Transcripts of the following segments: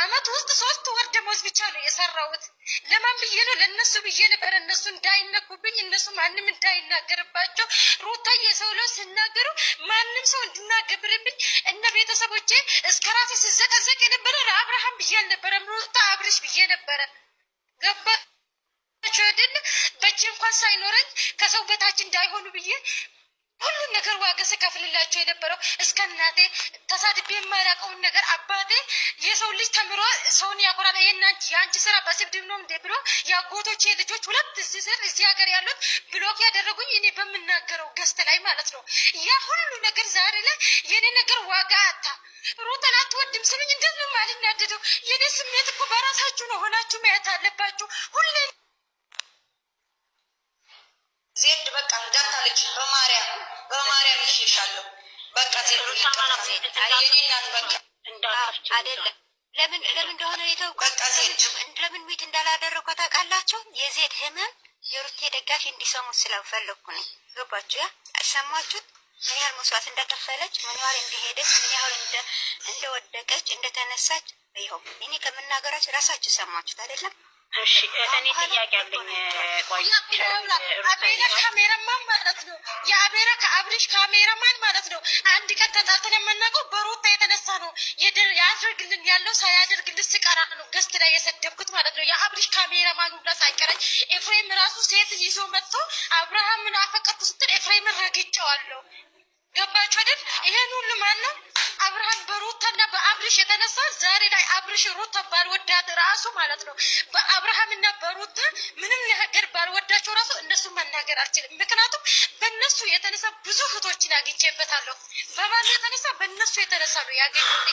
አመት ውስጥ ሶስት ወር ደሞዝ ብቻ ነው የሰራሁት። ለማን ብዬ ነው? ለእነሱ ብዬ ነበር፣ እነሱ እንዳይነኩብኝ፣ እነሱ ማንም እንዳይናገርባቸው። ሩታ የሰው ለው ሲናገሩ ማንም ሰው እንድናገብርብኝ እነ ቤተሰቦቼ እስከ ራሴ ስዘቀዘቅ የነበረ ለአብርሃም ብዬ አልነበረም፣ ሩታ አብርሽ ብዬ ነበረ። ገባ ቸድን በእጅ እንኳን ሳይኖረኝ ከሰው በታች እንዳይሆኑ ብዬ ነገር ዋጋ ስከፍልላቸው የነበረው እስከ እናቴ ተሳድቤ የማላውቀውን ነገር አባቴ የሰው ልጅ ተምሮ ሰውን ያኮራል። የአንቺ ስራ በስድብ ነው እንዴ ብሎ የአጎቶቼ ልጆች ሁለት ስር እዚህ ሀገር ያሉት ብሎክ ያደረጉኝ እኔ በምናገረው ገስት ላይ ማለት ነው። ያ ሁሉ ነገር ዛሬ ላይ የኔ ነገር ዋጋ አታ ሩጠን አትወድም ስምኝ እንደምን አልናደደው የኔ ስሜት እኮ በራሳችሁ ነው ሆናችሁ መያት አለባችሁ ሁሌ ዜድ በቃ እንዳታለች በማርያም በማርያም ይሽሻለሁ። በቃ ዜድ ይቀርታልየኔናት በቃ አይደለም። ለምን ለምን እንደሆነ የተው በቃ ዜድ ለምን ሚት እንዳላደረኩ ታውቃላችሁ? የዜድ ህመም የሩቴ ደጋፊ እንዲሰሙ ስለፈለግኩ ነው። ገባችሁ? ያ ሰማችሁት? ምን ያህል መስዋዕት እንደከፈለች ምን ያህል እንደሄደች ምን ያህል እንደወደቀች እንደተነሳች። ይኸው እኔ ከምናገራችሁ ራሳችሁ ሰማችሁት አይደለም? እሺ እኔ ጥያቄ አለኝ። ቆይ አቤላ ካሜራማን ማለት ነው፣ የአቤላ ከአብሪሽ ካሜራማን ማለት ነው። አንድ ቀን ተጣልተን የምናውቀው በሩታ የተነሳ ነው። ያድርግልን ያለው ሳያደርግልን ስቀራ ነው ገስት ላይ የሰደብኩት ማለት ነው። የአብሪሽ ካሜራማን ሁላ ሳይቀረኝ ኤፍሬም ራሱ ሴት ይዞ መጥቶ አብርሃምን አፈቀርኩ ስትል ኤፍሬምን ረግቼዋለሁ። ገባችሁ አይደል? ይሄን ሁሉ ማነው አብርሃም በሩታና ከአብርሽ የተነሳ ዛሬ ላይ አብርሽ ሩታ ባልወዳት ራሱ ማለት ነው በአብርሃም እና በሩታ ምንም ነገር ባልወዳቸው ራሱ እነሱ መናገር አልችልም። ምክንያቱም በእነሱ የተነሳ ብዙ እህቶችን አግኝቼበታለሁ። በማን የተነሳ በእነሱ የተነሳ ነው ያገኙት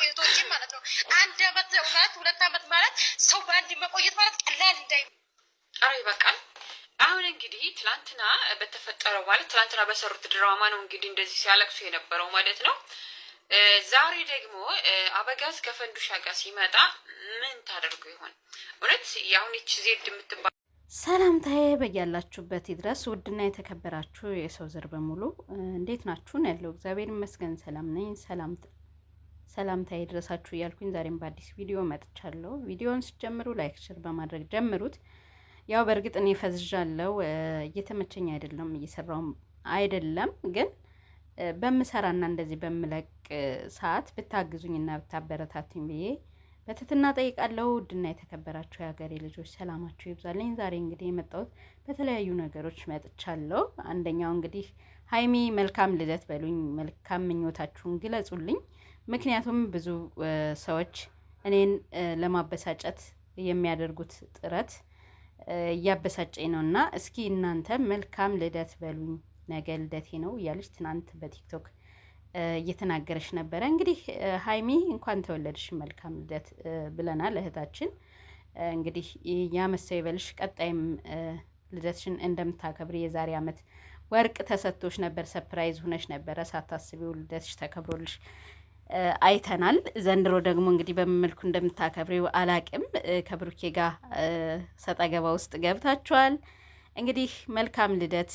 እህቶችን ማለት ነው። አንድ አመት ማለት ሁለት አመት ማለት ሰው በአንድ መቆየት ማለት ቀላል እንዳይ አረ ይበቃል። አሁን እንግዲህ ትላንትና በተፈጠረው ማለት ትላንትና በሰሩት ድራማ ነው እንግዲህ እንደዚህ ሲያለቅሱ የነበረው ማለት ነው። ዛሬ ደግሞ አበጋዝ ከፈንዱሻ ጋር ሲመጣ ምን ታደርጉ ይሆን? እውነት የአሁን ች ዜድ የምትባል ሰላምታዬ በያላችሁበት ድረስ ውድና የተከበራችሁ የሰው ዘር በሙሉ እንዴት ናችሁን? ያለው እግዚአብሔር ይመስገን ሰላም ነኝ። ሰላም ሰላምታዬ ድረሳችሁ እያልኩኝ ዛሬም በአዲስ ቪዲዮ መጥቻለሁ። ቪዲዮን ስጀምሩ ላይክ፣ ሼር በማድረግ ጀምሩት። ያው በእርግጥ እኔ ፈዝዣለሁ፣ እየተመቸኝ አይደለም፣ እየሰራውም አይደለም ግን በምሰራና እንደዚህ በምለቅ ሰዓት ብታግዙኝና ብታበረታቱኝ ብዬ በትህትና ጠይቃለሁ። ውድና የተከበራችሁ የሀገሬ ልጆች ሰላማችሁ ይብዛለኝ። ዛሬ እንግዲህ የመጣሁት በተለያዩ ነገሮች መጥቻለሁ። አንደኛው እንግዲህ ሀይሚ መልካም ልደት በሉኝ፣ መልካም ምኞታችሁን ግለጹልኝ። ምክንያቱም ብዙ ሰዎች እኔን ለማበሳጨት የሚያደርጉት ጥረት እያበሳጨኝ ነው እና እስኪ እናንተ መልካም ልደት በሉኝ ነገ ልደቴ ነው እያለች ትናንት በቲክቶክ እየተናገረች ነበረ። እንግዲህ ሀይሚ እንኳን ተወለድሽ መልካም ልደት ብለናል እህታችን። እንግዲህ ያመሰው ይበልሽ፣ ቀጣይም ልደትሽን እንደምታከብር የዛሬ ዓመት ወርቅ ተሰጥቶች ነበር፣ ሰፕራይዝ ሁነሽ ነበረ ሳታስቢው ልደትሽ ተከብሮልሽ አይተናል። ዘንድሮ ደግሞ እንግዲህ በምን መልኩ እንደምታከብሪው አላቅም። ከብሩኬ ጋር ሰጠገባ ውስጥ ገብታችኋል። እንግዲህ መልካም ልደት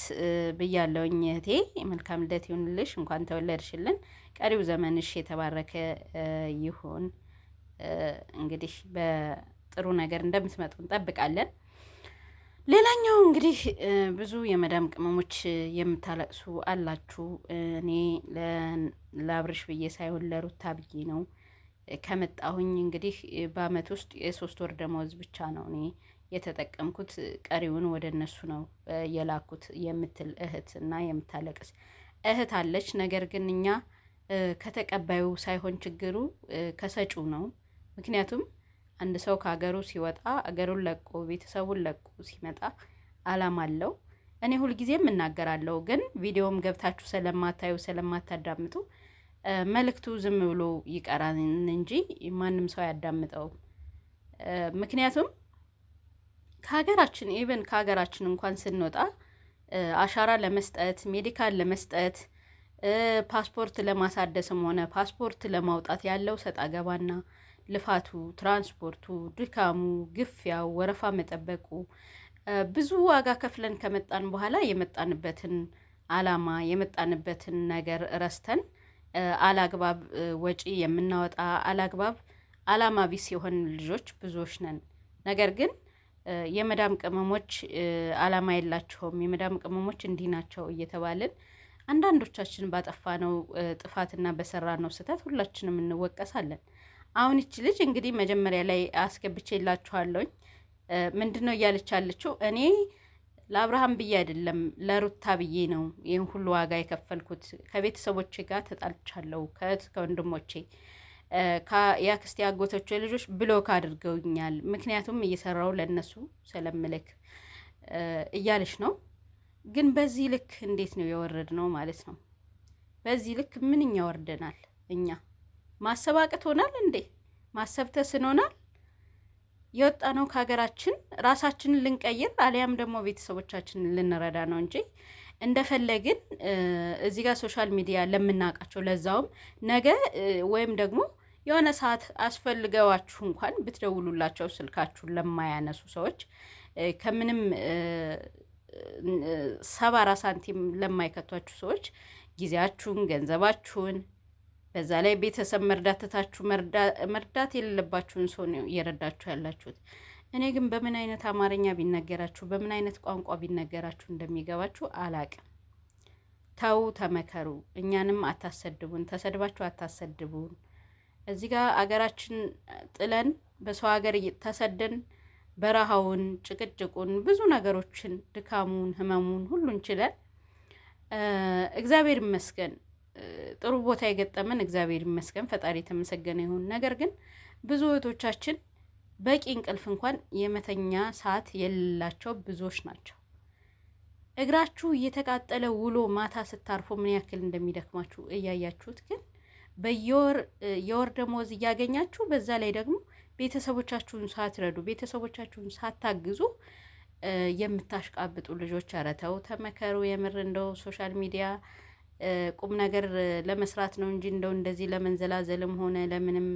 ብያለውኝ እህቴ፣ መልካም ልደት ይሁንልሽ። እንኳን ተወለድሽልን። ቀሪው ዘመንሽ የተባረከ ይሁን። እንግዲህ በጥሩ ነገር እንደምትመጡ እንጠብቃለን። ሌላኛው እንግዲህ ብዙ የመዳም ቅመሞች የምታለቅሱ አላችሁ። እኔ ለአብርሽ ብዬ ሳይሆን ለሩታ ብዬ ነው ከመጣሁኝ። እንግዲህ በአመት ውስጥ የሶስት ወር ደመወዝ ብቻ ነው እኔ የተጠቀምኩት ቀሪውን ወደ እነሱ ነው የላኩት የምትል እህት እና የምታለቅስ እህት አለች። ነገር ግን እኛ ከተቀባዩ ሳይሆን ችግሩ ከሰጩ ነው። ምክንያቱም አንድ ሰው ከሀገሩ ሲወጣ አገሩን ለቆ ቤተሰቡን ለቆ ሲመጣ አላማ አለው። እኔ ሁልጊዜም እናገራለሁ፣ ግን ቪዲዮም ገብታችሁ ስለማታዩ ስለማታዳምጡ መልእክቱ ዝም ብሎ ይቀራል እንጂ ማንም ሰው አያዳምጠውም። ምክንያቱም ከሀገራችን ኢቨን ከሀገራችን እንኳን ስንወጣ አሻራ ለመስጠት ሜዲካል ለመስጠት ፓስፖርት ለማሳደስም ሆነ ፓስፖርት ለማውጣት ያለው ሰጣገባና ልፋቱ፣ ትራንስፖርቱ፣ ድካሙ፣ ግፊያው፣ ወረፋ መጠበቁ ብዙ ዋጋ ከፍለን ከመጣን በኋላ የመጣንበትን አላማ የመጣንበትን ነገር ረስተን አላግባብ ወጪ የምናወጣ አላግባብ አላማ ቢስ የሆን ልጆች ብዙዎች ነን። ነገር ግን የመዳም ቅመሞች አላማ የላቸውም፣ የመዳም ቅመሞች እንዲህ ናቸው እየተባልን አንዳንዶቻችን ባጠፋነው ጥፋትና በሰራነው ስህተት ሁላችንም እንወቀሳለን። አሁን ይች ልጅ እንግዲህ መጀመሪያ ላይ አስገብቼላችኋለሁኝ ምንድን ነው እያለች ያለችው እኔ ለአብርሃም ብዬ አይደለም ለሩታ ብዬ ነው ይህን ሁሉ ዋጋ የከፈልኩት። ከቤተሰቦቼ ጋር ተጣልቻለሁ፣ ከእህት ከወንድሞቼ የአክስቴ አጎቶች ልጆች ብሎክ አድርገውኛል፣ ምክንያቱም እየሰራው ለእነሱ ስለምልክ እያለች ነው። ግን በዚህ ልክ እንዴት ነው የወረድ ነው ማለት ነው? በዚህ ልክ ምንኛ ወርደናል እኛ። ማሰብ አቅቶናል እንዴ? ማሰብ ተስኖናል? የወጣ ነው ከሀገራችን ራሳችንን ልንቀይር አሊያም ደግሞ ቤተሰቦቻችንን ልንረዳ ነው እንጂ እንደፈለግን እዚህ ጋር ሶሻል ሚዲያ ለምናውቃቸው ለዛውም ነገ ወይም ደግሞ የሆነ ሰዓት አስፈልገዋችሁ እንኳን ብትደውሉላቸው ስልካችሁን ለማያነሱ ሰዎች ከምንም ሰባራ ሳንቲም ለማይከቷችሁ ሰዎች ጊዜያችሁን፣ ገንዘባችሁን በዛ ላይ ቤተሰብ መርዳትታችሁ መርዳት የሌለባችሁን ሰው ነው እየረዳችሁ ያላችሁት። እኔ ግን በምን አይነት አማርኛ ቢነገራችሁ በምን አይነት ቋንቋ ቢነገራችሁ እንደሚገባችሁ አላቅም። ተው፣ ተመከሩ። እኛንም አታሰድቡን፣ ተሰድባችሁ አታሰድቡን። እዚህ ጋር አገራችን ጥለን በሰው ሀገር ተሰደን በረሃውን፣ ጭቅጭቁን፣ ብዙ ነገሮችን፣ ድካሙን፣ ህመሙን ሁሉን ችለን እግዚአብሔር ይመስገን ጥሩ ቦታ የገጠመን እግዚአብሔር ይመስገን ፈጣሪ የተመሰገነ ይሁን። ነገር ግን ብዙ እህቶቻችን በቂ እንቅልፍ እንኳን የመተኛ ሰዓት የሌላቸው ብዙዎች ናቸው። እግራችሁ እየተቃጠለ ውሎ ማታ ስታርፎ ምን ያክል እንደሚደክማችሁ እያያችሁት ግን በየወር የወር ደመወዝ እያገኛችሁ በዛ ላይ ደግሞ ቤተሰቦቻችሁን ሳትረዱ ቤተሰቦቻችሁን ሳታግዙ የምታሽቃብጡ ልጆች አረተው ተመከሩ። የምር እንደው ሶሻል ሚዲያ ቁም ነገር ለመስራት ነው እንጂ እንደው እንደዚህ ለመንዘላዘልም ሆነ ለምንም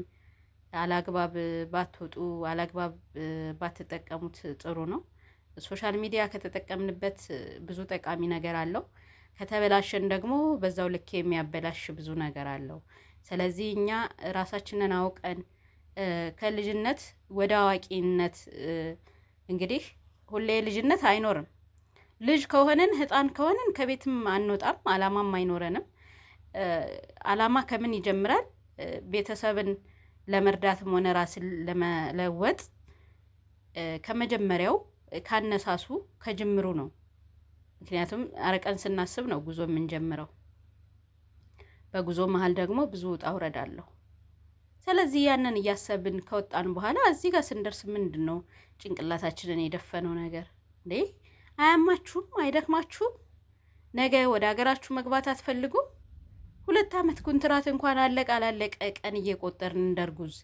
አላግባብ ባትወጡ አላግባብ ባትጠቀሙት ጥሩ ነው። ሶሻል ሚዲያ ከተጠቀምንበት ብዙ ጠቃሚ ነገር አለው። ከተበላሸን ደግሞ በዛው ልክ የሚያበላሽ ብዙ ነገር አለው። ስለዚህ እኛ ራሳችንን አውቀን ከልጅነት ወደ አዋቂነት እንግዲህ ሁሌ ልጅነት አይኖርም። ልጅ ከሆነን ህፃን ከሆነን ከቤትም አንወጣም፣ አላማም አይኖረንም። አላማ ከምን ይጀምራል? ቤተሰብን ለመርዳትም ሆነ ራስን ለመለወጥ ከመጀመሪያው ካነሳሱ ከጅምሩ ነው። ምክንያቱም አርቀን ስናስብ ነው ጉዞ የምንጀምረው። በጉዞ መሀል ደግሞ ብዙ ውጣ ውረድ ስለዚህ ያንን እያሰብን ከወጣን በኋላ እዚህ ጋር ስንደርስ ምንድን ነው ጭንቅላታችንን የደፈነው ነገር እንዴ? አያማችሁም? አይደክማችሁም? ነገ ወደ ሀገራችሁ መግባት አትፈልጉም? ሁለት ዓመት ኩንትራት እንኳን አለቀ አላለቀ ቀን እየቆጠርን እንደርጉዝ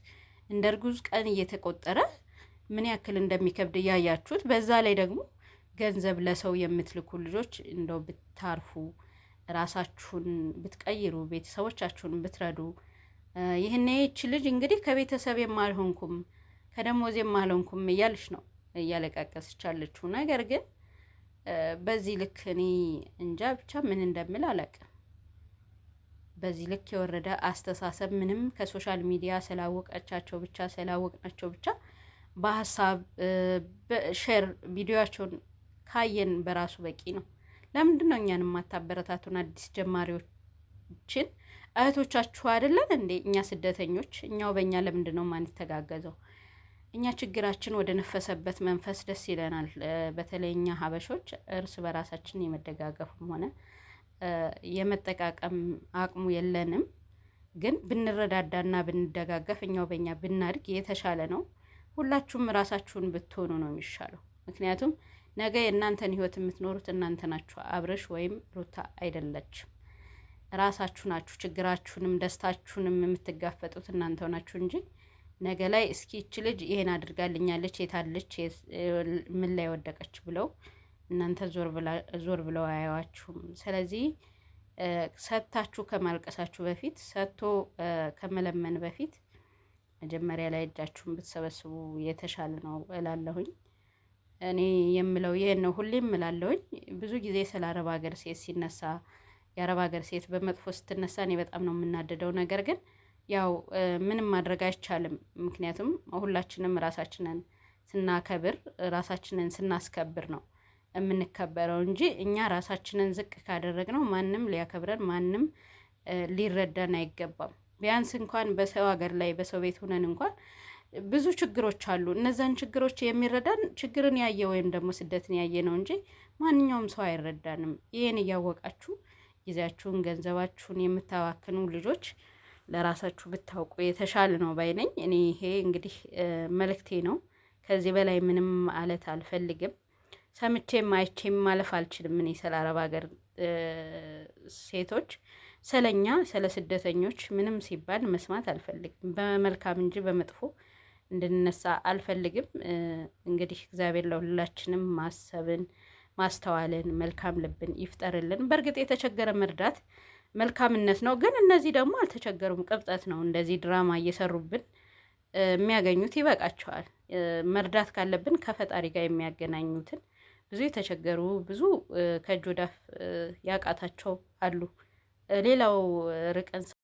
እንደርጉዝ ቀን እየተቆጠረ ምን ያክል እንደሚከብድ እያያችሁት፣ በዛ ላይ ደግሞ ገንዘብ ለሰው የምትልኩ ልጆች እንደው ብታርፉ ራሳችሁን ብትቀይሩ ቤተሰቦቻችሁን ብትረዱ ይህን ይች ልጅ እንግዲህ ከቤተሰብ የማልሆንኩም ከደሞዝ የማልሆንኩም እያልሽ ነው እያለቃቀስች ነገር ግን በዚህ ልክ እኔ እንጃ ብቻ ምን እንደምል አላውቅም። በዚህ ልክ የወረደ አስተሳሰብ ምንም ከሶሻል ሚዲያ ስላወቃቻቸው ብቻ ስላወቅናቸው ብቻ በሀሳብ ሼር ቪዲዮቸውን ካየን በራሱ በቂ ነው። ለምንድን ነው እኛን የማታበረታቱን? አዲስ ጀማሪዎችን እህቶቻችሁ አይደለን እንዴ? እኛ ስደተኞች እኛው በእኛ ለምንድን ነው ማንተጋገዘው? እኛ ችግራችን ወደ ነፈሰበት መንፈስ ደስ ይለናል። በተለይ እኛ ሀበሾች እርስ በራሳችን የመደጋገፍም ሆነ የመጠቃቀም አቅሙ የለንም። ግን ብንረዳዳና ብንደጋገፍ እኛው በእኛ ብናድግ የተሻለ ነው። ሁላችሁም ራሳችሁን ብትሆኑ ነው የሚሻለው። ምክንያቱም ነገ የእናንተን ህይወት የምትኖሩት እናንተ ናችሁ፣ አብረሽ ወይም ሩታ አይደለችም። ራሳችሁ ናችሁ። ችግራችሁንም ደስታችሁንም የምትጋፈጡት እናንተው ናችሁ እንጂ ነገ ላይ እስኪ ይች ልጅ ይሄን አድርጋልኛለች፣ የታለች፣ ምን ላይ ወደቀች ብለው እናንተ ዞር ብለው አያዋችሁም። ስለዚህ ሰጥታችሁ ከማልቀሳችሁ በፊት ሰጥቶ ከመለመን በፊት መጀመሪያ ላይ እጃችሁን ብትሰበስቡ የተሻለ ነው እላለሁኝ። እኔ የምለው ይህን ነው፣ ሁሌም እላለሁኝ። ብዙ ጊዜ ስለ አረብ ሀገር ሴት ሲነሳ የአረብ ሀገር ሴት በመጥፎ ስትነሳ እኔ በጣም ነው የምናደደው። ነገር ግን ያው ምንም ማድረግ አይቻልም። ምክንያቱም ሁላችንም ራሳችንን ስናከብር ራሳችንን ስናስከብር ነው የምንከበረው እንጂ እኛ ራሳችንን ዝቅ ካደረግነው ማንም ሊያከብረን ማንም ሊረዳን አይገባም። ቢያንስ እንኳን በሰው ሀገር ላይ በሰው ቤት ሆነን እንኳን ብዙ ችግሮች አሉ። እነዛን ችግሮች የሚረዳን ችግርን ያየ ወይም ደግሞ ስደትን ያየ ነው እንጂ ማንኛውም ሰው አይረዳንም። ይህን እያወቃችሁ ጊዜያችሁን፣ ገንዘባችሁን የምታባክኑ ልጆች ለራሳችሁ ብታውቁ የተሻለ ነው ባይ እኔ ይሄ እንግዲህ መልእክቴ ነው። ከዚህ በላይ ምንም ማለት አልፈልግም። ሰምቼም አይቼም ማለፍ አልችልም። እኔ ስለ አረብ ሀገር ሴቶች ስለኛ ስለ ስደተኞች ምንም ሲባል መስማት አልፈልግም። በመልካም እንጂ በመጥፎ እንድንነሳ አልፈልግም። እንግዲህ እግዚአብሔር ለሁላችንም ማሰብን፣ ማስተዋልን፣ መልካም ልብን ይፍጠርልን። በእርግጥ የተቸገረ መርዳት መልካምነት ነው፣ ግን እነዚህ ደግሞ አልተቸገሩም፣ ቅብጠት ነው። እንደዚህ ድራማ እየሰሩብን የሚያገኙት ይበቃቸዋል። መርዳት ካለብን ከፈጣሪ ጋር የሚያገናኙትን ብዙ የተቸገሩ ብዙ ከእጅ ወዳፍ ያቃታቸው አሉ። ሌላው ርቀን